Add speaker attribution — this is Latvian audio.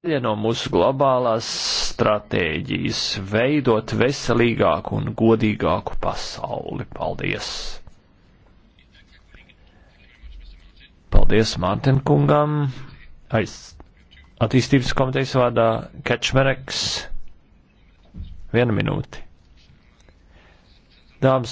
Speaker 1: daļa no mūsu globālās stratēģijas veidot veselīgāku un godīgāku pasauli. Paldies! Paldies Mārten kungam, aiz attīstības komitejas vārdā Kečmereks. Viena minūte.
Speaker 2: Dāmas